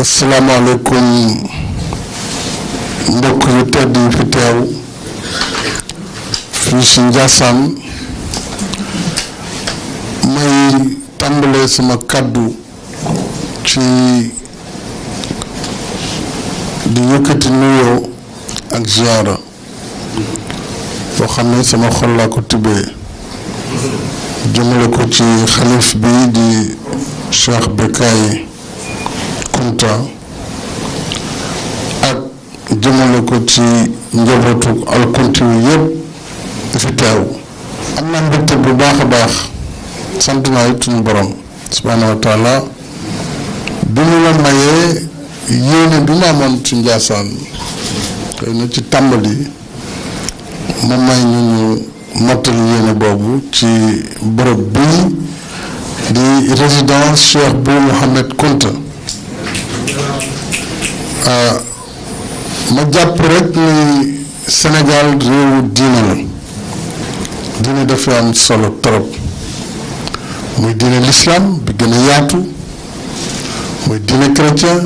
asalaamaaleykum mbokk yu tedd yi fi teew fii si Njaasaan may tàmbalee sama kàddu ci di yëkkati nuyoo ak ziara boo xam ne sama xol laa ko tibbee jëmale ko ci xalif bi di Cheikh Bécaye Moussa ak jëmale ko ci njabootu alkunti yu yëpp fi am naa mbégte bu baax a baax sant naa it suñu borom subhaanahu mu la mayee yéene bi ma ci Njaasaan xëy na ci tàmbali ma may ñu ñu yéene boobu ci bërëb bii di résidence Cheikh Bou Mouhamed Kounta Euh, ma jàpp rek ni Sénégal réewu diine la diine dafa solo trop muy diine l'islam bi gën a yaatu muy diine chrétien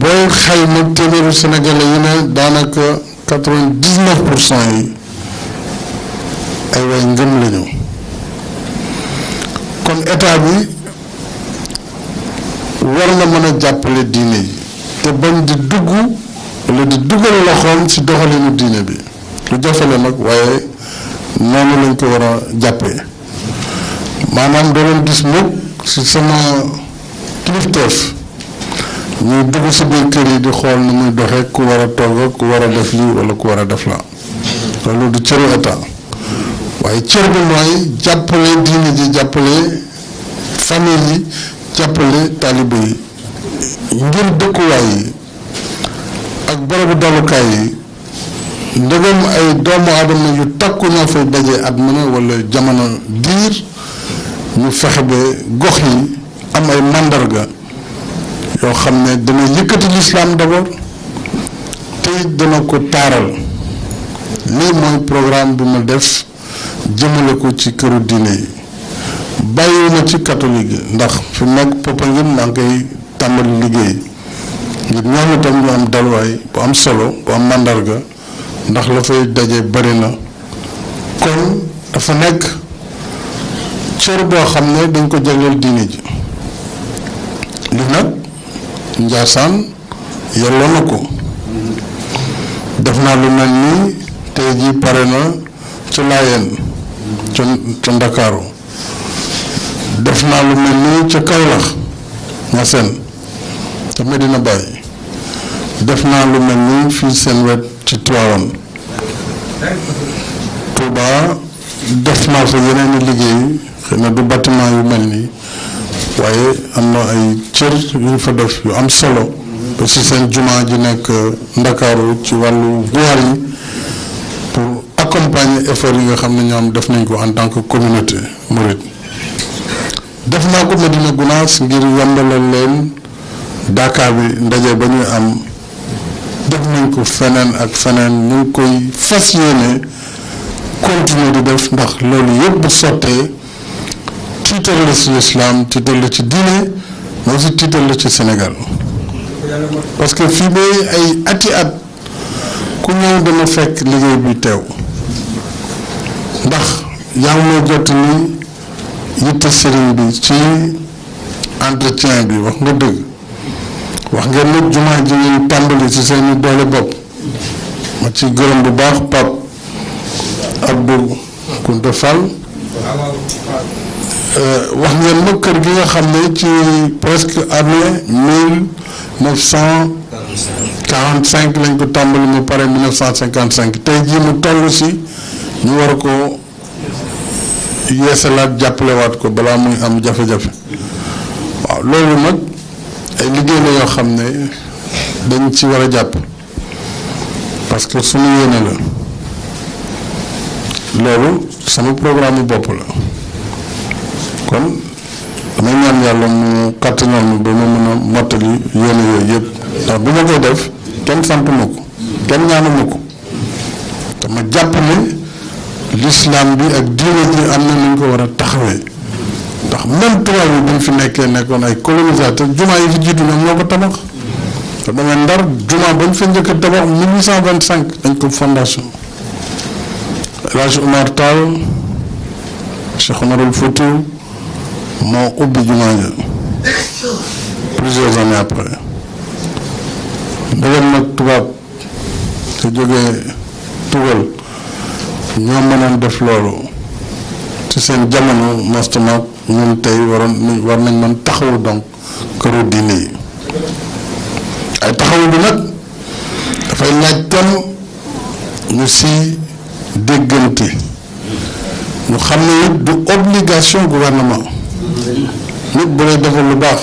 boo xayma téeméeru sénégalais yi ne daanaka quatre vingt yi ay way ngëm lañu kon état bi war na mën a jàppale diine yi te bañ di dugg wala di dugal loxoom ci doxalinu diine bi lu jafe la nag waaye noonu lañ ko war a jàppee maanaam doo gis mukk ci sama kilifteef ñuy dugg ci biir kër yi di xool ni muy doxee ku war a togg ku war a def lii wala ku war a def la loolu du cëru état waaye cër bi mooy jàppale diine ji jàppale famille yi jàppale taalibe yi ngir dëkkuwaay yi ak barabu dalukaay yi ndegam ay doomu aadama yu takku ñoo fay daje at mu ne wala jamono diir ñu fexe ba gox yi am ay màndarga yoo xam ne dana yëkkati lislaam d'abord te dana ko taaral lii mooy programme bi ma def jëmale ko ci këru diine yi bàyyi na ci katolik yi ndax fi mu nekk Popenguine maa ngi tàmbali liggéey ngir ñoom itam ñu am dalwaay bu am solo bu am màndarga ndax la fay daje bari na kon dafa nekk cër boo xam ne dañ ko jagleel diine ji li nag Njaasaan yelloo na ko def naa lu mel nii tey jii pare na ci Laayeen co ca Ndakaaru def naa lu mel nii ca Kaolack nga seen ca Medina Baye def naa lu mel nii fii seen wet ci Tivaouane Touba def naa fa yeneen i liggéey xëy du bâtiment yu mel nii waaye am na ay cër yu fa def yu am solo ba si seen jumaa ji nekk Ndakaaru ci wàllu guwaar yi pour accompagner effort yi nga xam ne ñoom def nañ ko en tant que communauté mouride def naa ko Medina Gounass ngir yombalal leen Dakar bi ndaje ba ñuy am def nañ ko feneen ak feneen ñu ngi koy fas yéene continuer di def ndax loolu yëpp bu sottee tiital la ci lislaam tiital la ci diine mais aussi tiital la ci senegal parce que fii ba ay ati at ku ñëw dama fekk liggéey bi teew ndax yaa ngi jot ni yitte sëriñ bi ci entretien bi wax nga dëgg wax nga nag jumaa ji ñuy tàmbali ci seeni doole bopp ma ci gërëm bu baax pap abdou kunta fall eh, wax ngeen ma kër gi nga xam ne ci presque année mille neuf cent quarante cinq lañ ko tàmbali mu pare mille neuf cent cinquante cinq tey jii mu toll si ñu war yeesalaat jàppalewaat ko balaa muy am jafe-jafe waaw loolu nag ay liggéey la yoo xam ne dañ ci war a jàpp parce que sunu yéene la loolu sama programme bopp la kon damay ñaan yàlla mu kàttanal ma ba ma mën a mottali yéene yëpp ndax bu ma koy def kenn sant ko kenn ñaanu ko te jàpp ne lislaam bi ak diine ji am na nu ko war a taxawee ndax même tubaab yi bu fi nekkee nekkoon ay colonisateur jumaa yi fi jiitu ñoom ñoo ko tabax te damay ndar jumaa ba ñu fa njëkk a tabax 1825 dañ ko fondation El Hadj Omar Tall Cheikh Omarul moo ubbi jumaa ja plusieurs années après ndegam nag tubaab te jógee tugal ñoo mënoon def loolu ci seen jamono masta maag ñun tey waroon war nañ mën taxaw donc këru diine yi ay taxawu bi nag dafay laaj tam ñu si déggante ñu xam ne it du obligation gouvernement nit bu lay defal lu baax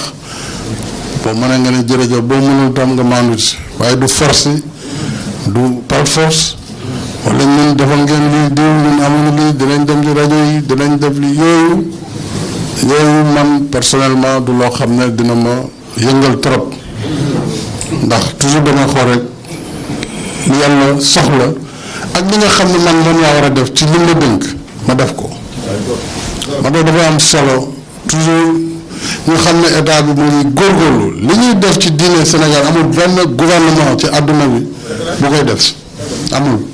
boo mënee nga ne jërëjëf boo mënul tam nga maandu ci waaye du force du par force wala ñun defal ngeen lii diw ñun amuñu lii dinañ dem ci rajo yi dinañ def lii yooyu yooyu man personnellement du loo xam ne dina ma yëngal trop ndax toujours dama xool rek yàlla soxla ak bi nga xam ne man moom laa war a def ci lim la ma def ko ma def dafa am solo toujours ñu xam ne état bi mu ngi góorgóorlu li ñuy def ci diine Sénégal amul benn gouvernement ci àdduna bi bu koy def si amul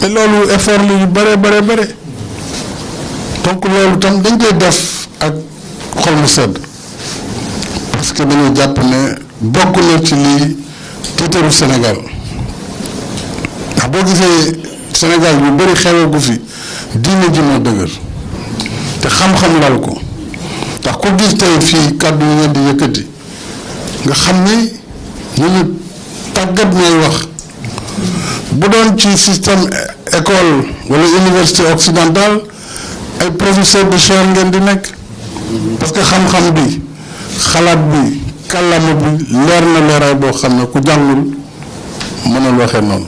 te loolu effort lu yu bare bare bare donc loolu tam dañ koy def ak xol mu sedd parce que dañuy jàpp ne bokk na ci lii tiitaru Sénégal ndax boo gisee Sénégal yu bari xewee gu fi diine ji moo dëgër te xam-xam lal ko dax ko gis tey fii kàddu yi ngeen di yëkkati nga xam ni ñu ñu tàggat ñooy wax bu doon ci système eh, école wala université occidentale ay professeur de chaire ngeen di nekk parce que xam-xam bi xalaat bi kàllaama bi leer na leeraay boo xam ne ku jàngul mënul waxee noonu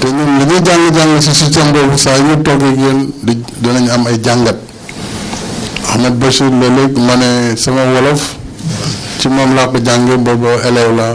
te ñun li ñuy jàng-jàng si système boobu saa yi ñu toog ak yéen di dinañ am ay jàngat Ahmed Bachir léeg-léeg ma ne sama wolof ci moom laa ko jànge boobu élève la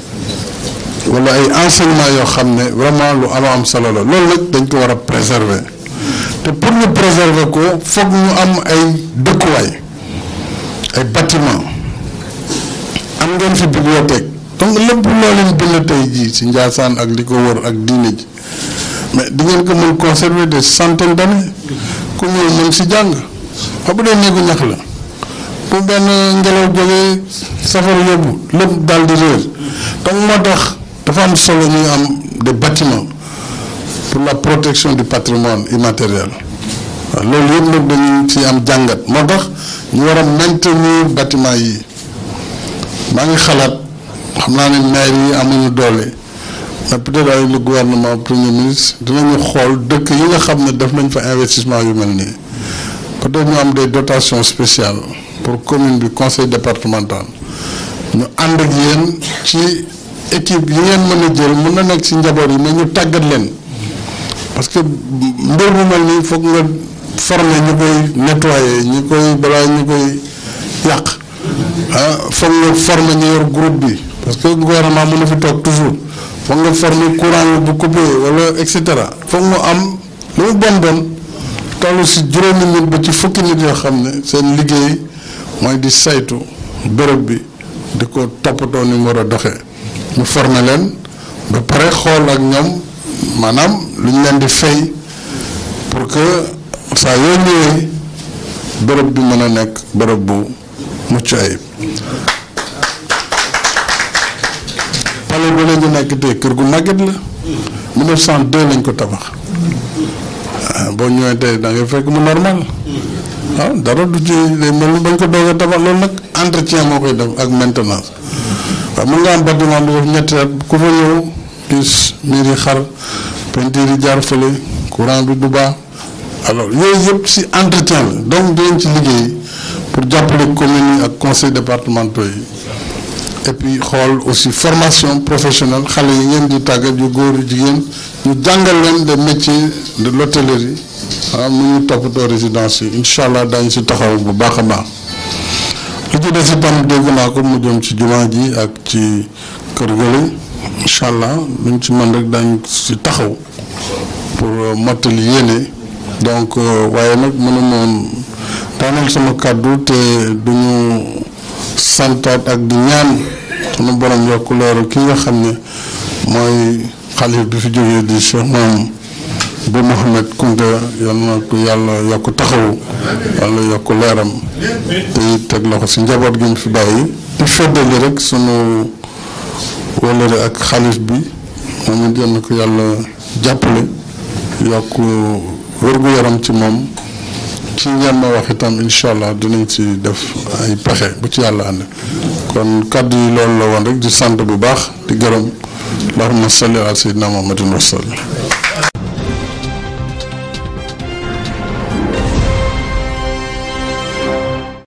wala ay enseignement yoo xam ne vraiment lu am am solo la loolu nag dañ ko war a préserver te pour ñu préserver ko foog ñu am ay dëkkuwaay ay bâtiment am ngeen fi bibliothèque donc lépp loo leen bind tey jii si Njaasaan ak li ko wër ak diine ji mais di ngeen ko mën conserver des centaines d'années ku ñëw mën si jàng xam bu dee néegu ñax la bu benn ngelaw jógee safara yóbbu lépp daal di réer donc moo tax Nous avons des bâtiments pour la protection du patrimoine immatériel Nous avons nous nous, bâtiment peut-être avec le gouvernement premier ministre Nous xool dëkk yi nga xam nañ investissement yu des dotations spéciales pour commune du conseil départemental équipe yi ngeen mën a jël mën na nekk ci njaboot yi mais ñu tàggat leen parce que mbir mu mel nii foog nga former ñu koy nettoyer ñu koy balaa ñu koy yàq ah foog nga former ñu yor groupe bi parce que gouvernement mën na fi toog toujours foog nga former courant bu coupé wala et cetera foog nga am lu mu bon bon tollu si juróomi nit ba ci fukki nit yoo xam ne seen liggéey mooy di saytu bërëb bi di ko toppatoo ni mu war a doxee. mu former leen ba pare xool ak ñoom maanaam luñ ñu leen di fay pour que saa yoo ñëwee bërëb bi mën a nekk bërëb bu mucc ayib pale bu ba di nekk tey kër gu màgget la 1902 lañ ko tabax ah, boo ñëwee tey da ngay fekk mu normal waaw ah, dara du ci day mel ni bañ ko doog a tabax loolu nag entretien moo koy def ak maintenance waaw mën nga am bedd moo xam ne daf ñetti at ku fa ñëw gis miir di xar peinture yi jaar fële courant bi du baax alors yooyu yëpp si entretien la donc dinañ ci liggéey pour jàppale commune ak conseil départementaux yi et puis xool aussi formation professionnelle xale yi ngeen di tàggat yu góor yu jigéen ñu jàngal leen le métier de hôtellerie ah mu ñu toppatoo résidence yi incha allah daañu si taxaw bu baax a baax. lu ci si itam dégg naa ko mu jëm ci jumaa ji ak ci kër gële incha allah luñ ci man rek daañ si taxaw pour euh, mottali yéene donc euh, waaye nag mënu moom sama kàddu te duñu santaat ak di ñaan sunu borom yokk leeru ki nga xam ne mooy xalif bi fi jógee di Cheikh moom bu Mouhamed Kounta yal na yàlla yokk taxawu wala yokk leeram te it teg loxo si njaboot gi mu fi bàyyi di feddali rek sunu wëllëre ak xalif bi moom it ko yàlla jàppale yokk wér-gu-yaram ci moom ci ngeen ma wax itam incha allah dinañ ci def ay pexe bu ci yàlla ànd kon kàddu yi loolu la woon rek di sant bu baax di gërëm allahumma salli ala sayyidina muhammadin wa sallam